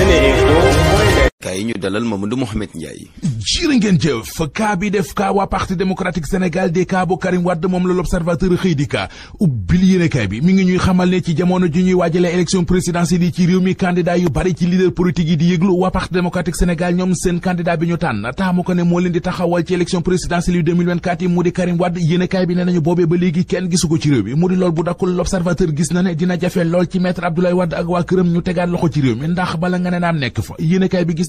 Seni kaay kaa bi def kaa waa parti démocratique Sénégal kaa bu Karim Wade moom la l'observateur xëy di kaa ubbil yéenekaay bi mi ngi ñuy xamal ne ci jamono ji ñuy waajale élection présidentielle yi ci réew mi candidat yu bari ci leader politique yi di yëglu waa parti démocratique ñoom seen candidat bi ñu tànn taamu ko ne moo leen di taxawal ci élection présidentielle yu 2024 mu di Karim Wade yéenekaay bi ne nañu boobee ba léegi kenn gisu ko ci réew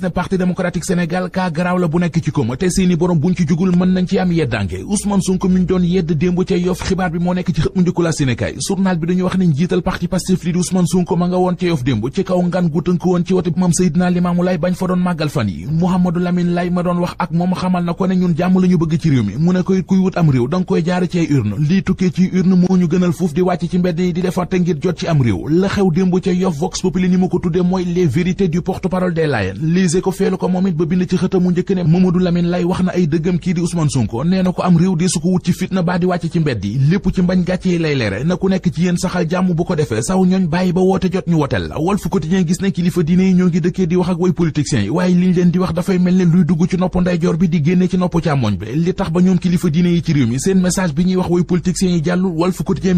gis ne parti démocratique Sénégal kaa garaaw la bu nekk ci koma te seeni borom buñ ci jugul mën nañ ci am yeddaange Ousmane Sonko mi ñu doon yedd démb ca Yoff xibaar bi moo nekk ci xët mu njëkku la Sénégal journal bi dañu wax ne njiital parti Pastef li di Ousmane Sonko ma nga woon ca Yoff démb ci kaw ngan gu tënk woon ci wote mam Seydina Limaamu Laay bañ fa doon màggal fan yi Mouhamadou Lamine Laye ma doon wax ak moom xamal na ko ne ñun jàmm la bëgg Les Échos feelu ko moom it ba bind ci xët mu njëkk ne Mamadou Lamine Lay wax na ay dëggam kii di Ousmane Sonko jàmm bu ko defee saw ñooñ bàyyi woote jot ñu woteel la Walf kilifa diine ñoo ngi dëkkee di wax ak way politiciens yi waaye liñ leen di wax dafay mel ne luy dugg ci nopp ndeyjoor bi bi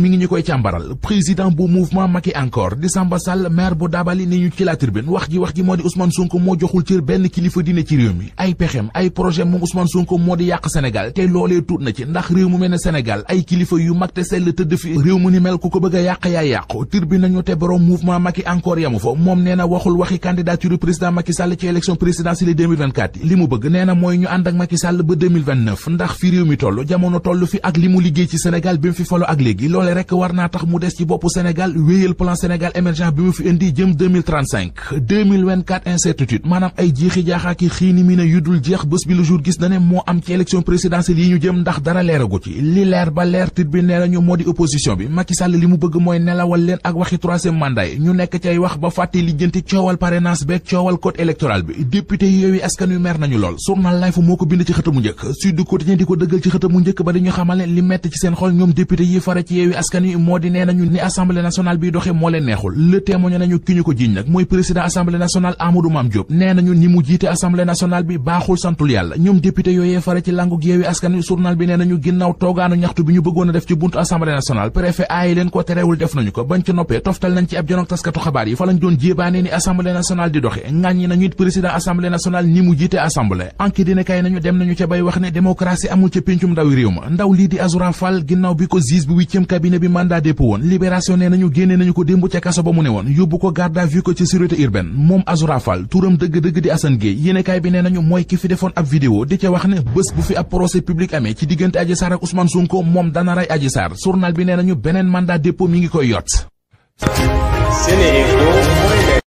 ñu koy càmbaral président bu mouvement Macky encore di Samba Sall maire wax ji wax ji moo di moo joxul cër benn kilifa dina ci réew mi ay pexem ay projet moom Ousmane Sonko moo di yàq Sénégal te loolee tuut na ci ndax réew mu mel ne Sénégal ay kilifa yu mag te sell tëdd fi réew mu ni mel ku ko bëgg a yàq yaa yàqu tur bi nañu te borom mouvement Macky encore yamu fa moom nee na waxul waxi candidature président Macky Sall ci élection présidentielle 2024 yi li mu bëgg nee na mooy ñu ànd ak Macky Sall ba ndax fi réew mi toll jamono toll fi ak li mu liggéey ci Sénégal bi mu fi folo ak léegi loole rekk war naa tax mu des ci boppu Sénégal wéyal plan Sénégal émergent bi mu fi indi jëm 2035 2024 incertitude maanaam ay jiixi jaaxaaki xiini mi ne yu dul jeex bés bi le jour gis na ne moo am ci élection présidentielle yi ñu jëm ndax dara leeragu ci li leer ba leer tit bi nee nañu moo di opposition bi Macky Sall li mu bëgg mooy nelawal leen ak waxi troisième mandat yi ñu nekk cay wax ba fàtte lijjanti coowal parrainage beeg coowal code électoral bi député yi yooyu askan wi mer nañu lool journal Life moo ko bind ci xëtamu njëkk Sud Quotidien di ko dëggal ci xëtamu njëkk ba dañu xamal ne li metti bi doxee moo leen neexul le témoin nañu ki ñu ko jiiñ nag mooy président nañu mu jiite assemblée nationale bi baaxul santul yàlla ñoom député yooyee fare ci langu yeewi askan wi bi nee nañu ginnaaw toogaanu ñaxtu bi ñu bëggoon def ci buntu assemblée nationale préfet aayi leen ko terewul def nañu ko bañ ci noppee toftal nañ ci ab jonog taskatu xabaar yi fa doon jéebaane ni assemblée nationale di doxe ŋàññi nañu président assemblée nationale ñi mu jiite assemblée enquête dina nañu dem nañu ca bay wax ne démocratie amul dëgg di Assane Gueye bi nee nañu mooy ki defoon ab vidéo di ca wax ne bés bu fi ab procès public amee ci diggante Adji ak Ousmane Sonko moom dana rey Adji Sarr bi nee nañu beneen mandat dépôt mi ngi koy yot